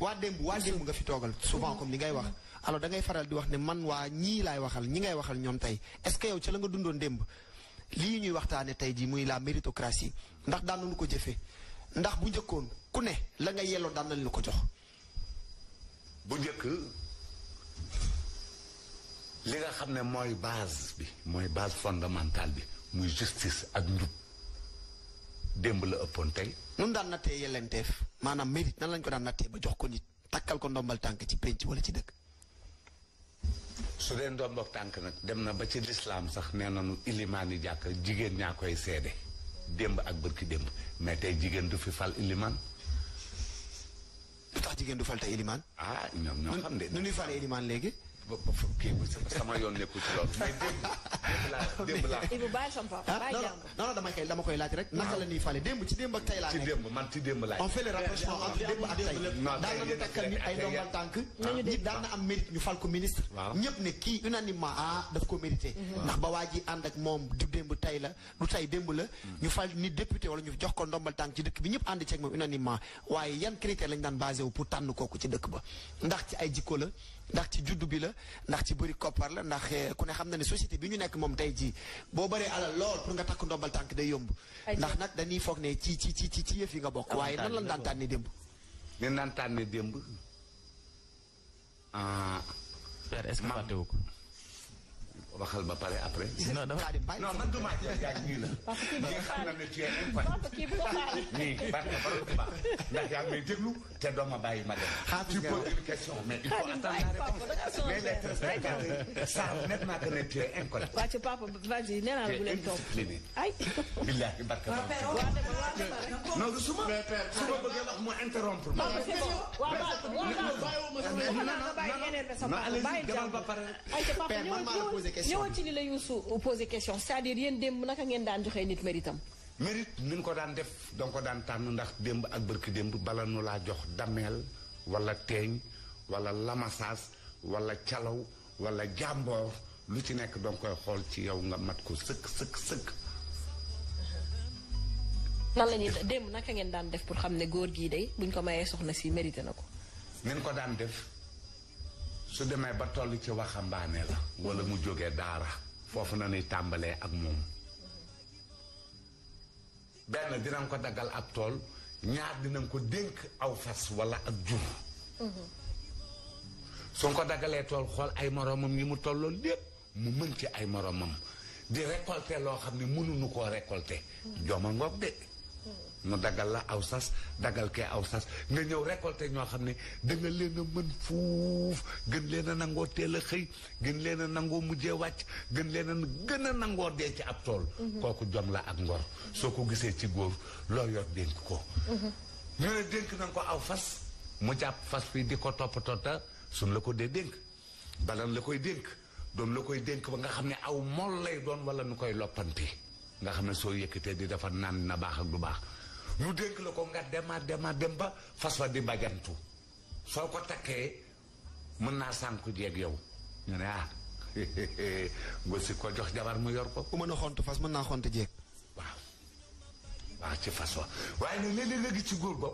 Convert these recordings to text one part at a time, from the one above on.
waa démb waa démb nga fi toogal souvent comme li ngay wax alors da faral di wax ne man waa ñii laay waxal ñi ngay waxal ñoom tey est-ce que yow ca la nga dundoon démb lii ñuy waxtaane tey jii muy la méritocratie ndax daan nañu ko jëfee ndax bu njëkkoon ku ne la nga yelloo daan nañu ko jox. bu njëkk li nga xam ne mooy base bi mooy base fondamentale bi muy justice ak njub démb la ëppoon tey. nun daan nattee yellenteef maanaam mérite nan lañ ko daan nattee ba jox ko nit takkal ko ndombal tànk ci pénc wala ci dëkk su dee ndombal tànk nag dem na ba ci lislaam sax nee nañu ilimaani jàkk jigéen ñaa koy seede démb ak bërki démb mais tey jigéen du fi fal ilimaan lu tax jigéen du fal tey ilimaan ah ñoom ñoo xam de nu ñuy fale ilimaan léegi kii sama yoon nekkul ci loolu mais démb démb laa Ibou bàyyi sama papa ah, bàyyi jàmm non non dama koy laaj rek naka la ñuy fale démb ci démb ak tey laa nekk ci démb man ci démb laaj on fait le takkal nit ay ndombal tànk ah. nit daan na am mérite ñu fal ko ministre ñëpp ne kii unanimement ah daf ko mérité mhm. ndax ba waa ji ànd ak moom du démb tey la du tey démb la mm. ñu fal nit député wala ñu jox ko ndombal tànk ci dëkk bi ñëpp ànd ceeg moom unanimement waaye yan critère lañ daan basé wu pour tànn kooku ci dëkk ba ndax ci ay jikko la ndax ci juddu bi la ndax ci bëri koppar la ndax eh, ku ne xam na ne société bi ñu nekk moom tey jii boo bëree alal lool pour nga takk ndombal tànk day yomb. ndax nag dañuy foog ne ci ci ci ci yëf yi nga bokk. waaye nan lañ daan tànnee démb. ñu daan tànnee démb. Ah. ko. waxal ba pare après. non dafa non man du ma jaajëf ñu la. parce que kii xam na ne tu es important. parce que kii bu ko xaar. nii ndax yaa ngi may déglu te doo ma bàyyi ma dem. xaar ah, tu poses une question mais il faut attendre mais les téléspectateurs savent nettement que ne tu es incorrect. waa ci papa vas-y nee naa la bu leen toog. ay. billahi barka ma. non su ma su ma bëggee wax mu interrompre ma. waaw waaw waaw question ñëwal ci li la Youssou posé question c'est-à-dire yéen démb naka ngeen daan joxe nit mérite am. mérite ko daan def danga ko daan tànn ndax démb ak bërk démb bala nu laa jox dameel wala teeñ walla lamasaas wala calaw wala jàmboor lu ci nekk danga koy xool ci yow nga mat ko sëkk sëkk sëkk. nan la ñuy démb naka ngeen daan def pour xam ne góor gii dey buñ ko mayee soxna si mérité na ko. nin ko daan def. su demee ba toll ci waxambaane la wala mu jógee daara foofu na ñuy tàmbalee ak moom benn dinañ ko daggal ak tool ñaar dinañ ko dénk aw fas wala ak jur suñ ko daggalee tool xool ay moroomam yi mu tolloo lépp mu mën ci ay moroomam di récolter loo xam ne mënuñu koo récolter jooma ngoog de mu daggal la aw sas daggal kee aw sas nga ñëw récolter ñoo xam ne da nga leen a mën fuuf gën leen a nangoo teel a xëy gën leen a nangoo mujjee wàcc gën leen a gën a nangoo dee ci ab tool mhm. kooku jom la ak ngor soo ko gisee ci góor loo yor dénk ko mhm. ñu dénk na ko aw fas mu jàpp fas bi di ko toppatoo ta suñ la ko dee dénk balan la koy dénk doon la koy dénk ba nga xam ne aw mool lay doon wala nu koy loppante nga xam ne soo yëkkatee di dafa naan na baax ak du baax ñu dénk la ko nga demaat demaat dem ba fas wa di mbajantu soo ko takkee mën naa sànku jeeg yow ñu ne ah ngosi ko jox jabar mu yor ko ku mën a xont fas mën naa xont jeeg waaw waaw ci fas wa waaye nag léeg-léeg nga gis ci góor ba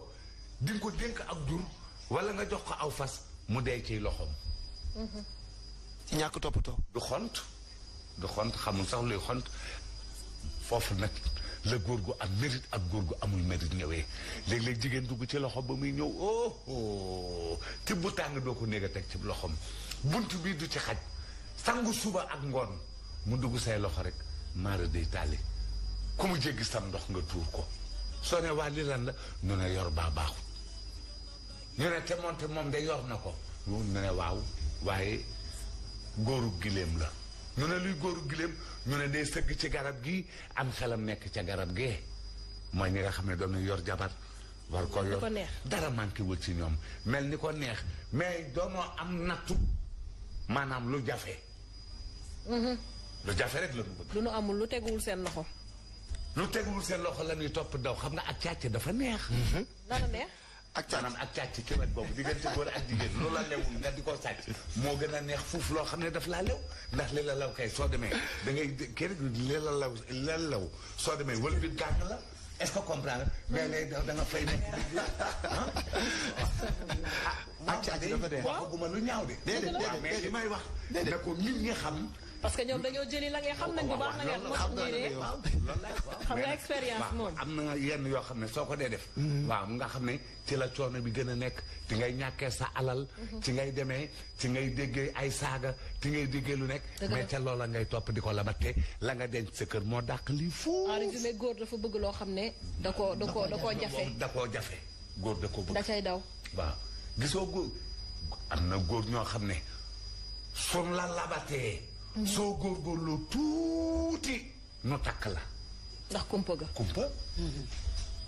di ko dénk ak dur wala nga jox ko aw fas mu dee ciy loxoom ci ñàkk toppatoo du xont du xont xamul sax luy xont foofu nag la góor gu am mérite ak góor gu amul mérite ñëwee léeg-léeg jigéen dugg ci loxo ba muy ñëw oh te bu tàng doo ko néeg a teg ci loxom bunt bii du ci xaj sangu suba ak ngoon mu dugg say loxo rek maara day tàlli ku mu jéggi sam ndox nga tuur ko soo ne waa li lan la nu ne yor baa baaxul ñu ne te moom de yor na ko ñu ne waaw waaye góoru giléem la ñu ne luy góoru giléem ñu ne day sëgg ci garab gi am xelam nekk ca garab gee mooy ñi nga xam ne doon yor jabar war ko yor dara manqué wul ci ñoom mel ni ko neex mais doonoo am nattu maanaam lu jafe mhm. lu jafe rek la ñu lu nu amul lu teguwul seen loxo lu teguwul seen loxo la topp daw xam nga ak càcc dafa neex mhm. ak càcc maanaam ak càcc ci wet boobu diggante góor ak jigéen loolu la lewul nga di ko sàcc moo gën a neex fuuf loo xam ne daf laa lew ndax li la law kay soo demee da ngay kenn li la law li la law soo demee wël bi gàng la est-ce que comprendre mais léegi da nga fay nekk di ah ak càcc dafa dee waxaguma lu ñaaw de déedéet mais li may wax na ko nit ñi xam parce que ñoom dañoo jëli la xam nañ na ngeen nga xam na yenn yoo xam ne soo ko dee def mm-hmm. waaw nga xam ne ci la coono bi gën a nekk ci ngay ñàkkee sa alal mm-hmm. ci ngay demee ci ngay déggee ay saaga ci ngay déggee lu nekk mais ca loola ngay topp di ko labatte la nga denc sa kër moo dàq lii foofu dafa bëgg loo xam ne da koo da koo da jafe góor da koo bëgg da cay am na góor ñoo xam ne sun la labatee soo góorgóorloo tuuti nu takk la. ndax kumpa ga. kumpa.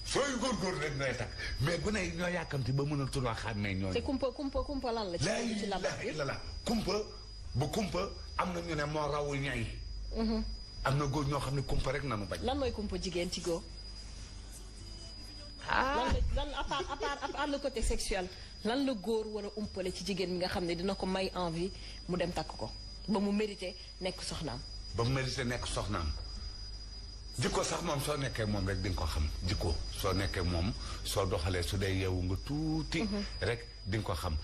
sooy góorgóorlu rek nooy takk mais bu ne ñoo yàkkamti ba mën a tur a xàmmee ñooñu. te kumpa kumpa kumpa lan la. la la bu kumpa am na ñu ne moo rawu ñay. Mhm. am na góor ñoo xam ne kumpa rek nanu bañ. lan mooy kumpa jigéen ci góor. ah lan la à part à côté sexuel lan la góor war a umpale ci jigéen mi nga xam ne dina ko may envie mu dem takk ko. ba mu mérité nekk soxnaam. ba mu mérité nekk soxnaam jikko sax moom soo nekkee moom rek di nga ko xam jikko soo nekkee moom soo doxalee su dee yeewu nga tuuti. Mhm. rek di nga ko xam.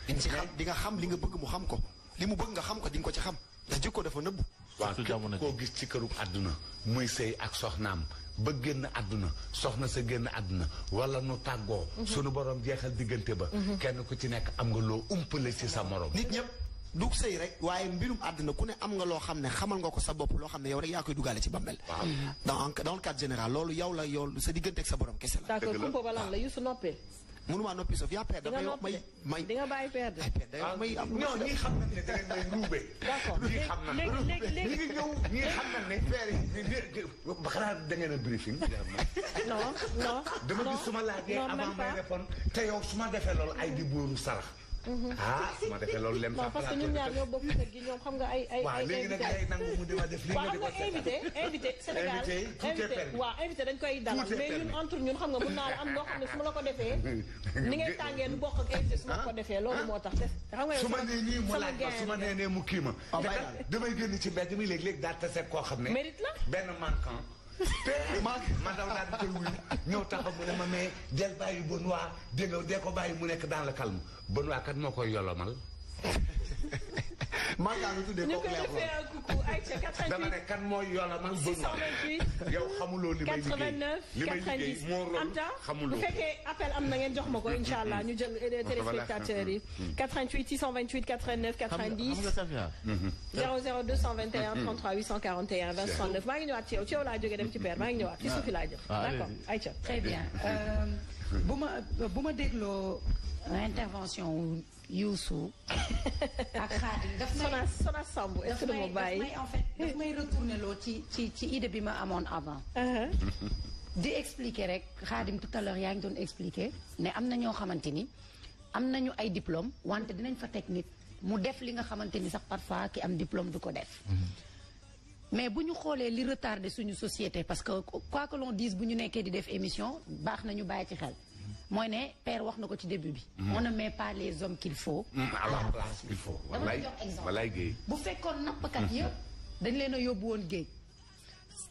di nga xam li nga bëgg mu xam ko li mu bëgg nga xam ko di nga ko ci xam ndax jikko dafa nëbbu. waaw képp koo gis ci këru àdduna muy sëy ak soxnaam ba génn àdduna soxna sa génn àdduna wala nu tàggoo. Mhm. sunu borom jeexal diggante ba. Mhm. kenn ku ci nekk am nga loo umpale ci sa morom. nit ñëpp. dug sëy rek waaye mbirum àddina ku ne am nga loo xam ne xamal nga ko sa bopp loo xam ne yow rek yaa koy dugaale ci bambel dans dans le cadre général loolu yow la yow sa diggante ak sa borom kese la. d'accord kumpa balan la Youssou noppi Sophie yaa perte damay wax may may di nga bàyyi a briefing. non non non dama gis ma laajee avant may répondre te yow su ma defee lool ay di bóoru sarax Mm-hmm. ah su ma defee loolu lem sax. parce que ñun ñaar ñoo bokk kër gi ñoom xam nga ay ay. ay invité waaw léegi nag mu def lii nga di ko invité invité Sénégal invité waaw invité dañ koy dalal mais ñun entre ñun xam nga mun naa la am loo xam ne su ma la ko defee. ni ngay tàngee nu bokk ak invité su ma ko defee loolu moo tax. xam nga yow sama sama gerte su ma nee nii mu laaj ma su ma nee nee mu kii ma. damay génn ci mbedd mi léeg-léeg daa tase koo xam ne. mérite la benn manquant. te ma ma daw daal di koy wuyu ñëw taxaw mu ne ma mais del bàyyi Benoît dégg nga dee ko bàyyi mu nekk dans le calme Benoît kat moo koy yolomal man kaa ngi tuddee kooku leer na dama ne kan mooy yoola man bëgg naa yow xamuloo jox ma ko incha allah ñu jël téléspectateurs yi 88 628 89 90 xam nga Safia 00 221 33 841 20 maa ngi ñëwaat ci yow ci yow laa jógee dem ngi ñëwaat ci ah. laa jëm ah, d'accord ayca très bu ma bu ma dégloo euh, intervention Youssou ak Khadim daf may Sona Samb est-ce que daf may en fait may retourner loo ci ci ci idée bi ma amoon avant uh-huh. di expliquer rek Khadim tout à l'heure yaa ngi doon expliquer ne am na ñoo xamante ni am nañu ay diplôme wante dinañ fa teg nit mu def li nga xamante ni sax parfois ki am diplôme du ko def mm-hmm. mais bu ñu xoolee li retardé suñu societé parce que quoi que l'on dise bu ñu nekkee di def émission baax na ñu bàyyi ci xel mooy ne père wax na ko ci début bi. moo mm-hmm. ne mais pas les hommes qu'il faut. Mm-hmm. à la place qu'il faut. dama jox exemple bu fekkoon nappkat mm-hmm. yëpp dañ leen a yóbbu woon géej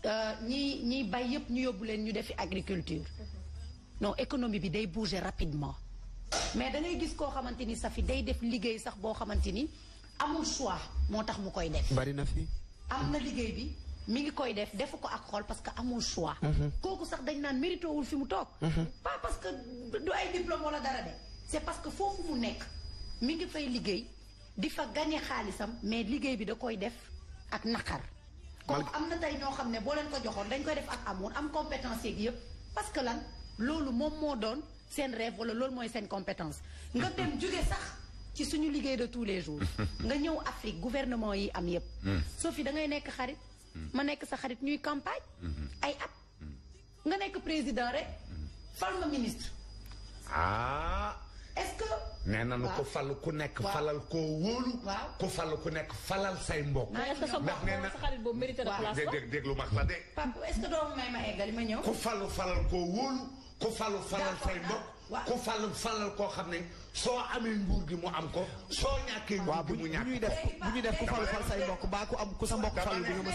euh, ñi ñiy bay yëpp ñu yóbbu leen ñu defi agriculture non économie bi day bouger rapidement mais da gis koo xamante ni sa fi day def liggéey sax boo xamante ni amul choix moo tax mu koy def. bari na fi. am na liggéey bi mi ngi koy def defu ko ak xol parce que amul choix. Mhm. kooku sax dañ naan mérité wul fi mu toog. Mhm. pas parce que du ay diplôme wala dara de. c'est parce que foofu mu nekk mi ngi fay liggéey di fa gagné xaalisam mais liggéey bi da koy def ak naqar. kon am na tey ñoo xam ne boo leen ko joxoon dañ koy def ak amoon am compétence yeeg yëpp parce que lan loolu moom moo doon seen rêve wala loolu mooy seen compétence nga dem jóge sax. ci suñu liggéey de tous les jours. nga ñëw Afrique gouvernement yi am yëpp. Mm. soo fi da ngay nekk xarit. Mm. ma nekk sa xarit ñuy campagne. Mm-hmm. ay at. nga nekk président rek. Mm. fal ma ministre. ah. est-ce que. nee nañu ko fal ku nekk. falal koo wóolu. ku fal ku nekk falal say mbokk. ndax nee na sa xarit boobu mérité na place dégg dégg lu ma la de. papa est-ce que doo may ma eggali ma ñëw. ku falu falal koo wóolu. ku falu falal say mbokk. Ah, ku falu falal koo xam ne. soo amee nguur gi mu am ko soo ñàkkee nguur gi mu ñàkk bu ñuy def bu ñuy def am ku sa mbokk falu bi nga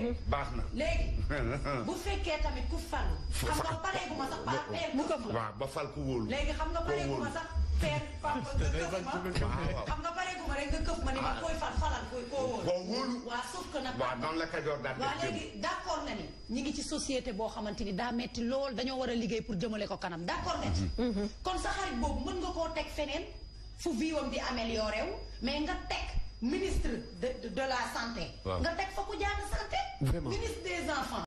mhm. baax na léegi bu fekkee tamit ku falu xam nga pareegu ba peer waaw ba fal ku wóolu léegi xam nga pareegu ma sax peer xam nga pareegu ma rek nga këf ma ni ma koy fal falal waaw sauf que nag. waaw noonu la Kajoor daan def léegi d' accord ni. ñi ngi ci société boo xamante ni daa metti lool dañoo war a liggéey pour jëmale ko kanam d' accord nga mm-hmm. kon sa xarit boobu mën nga koo teg feneen fu viwam di amélioré wu mais nga teg ministre de de la santé. nga teg fa ku jàng santé. ministre des enfants.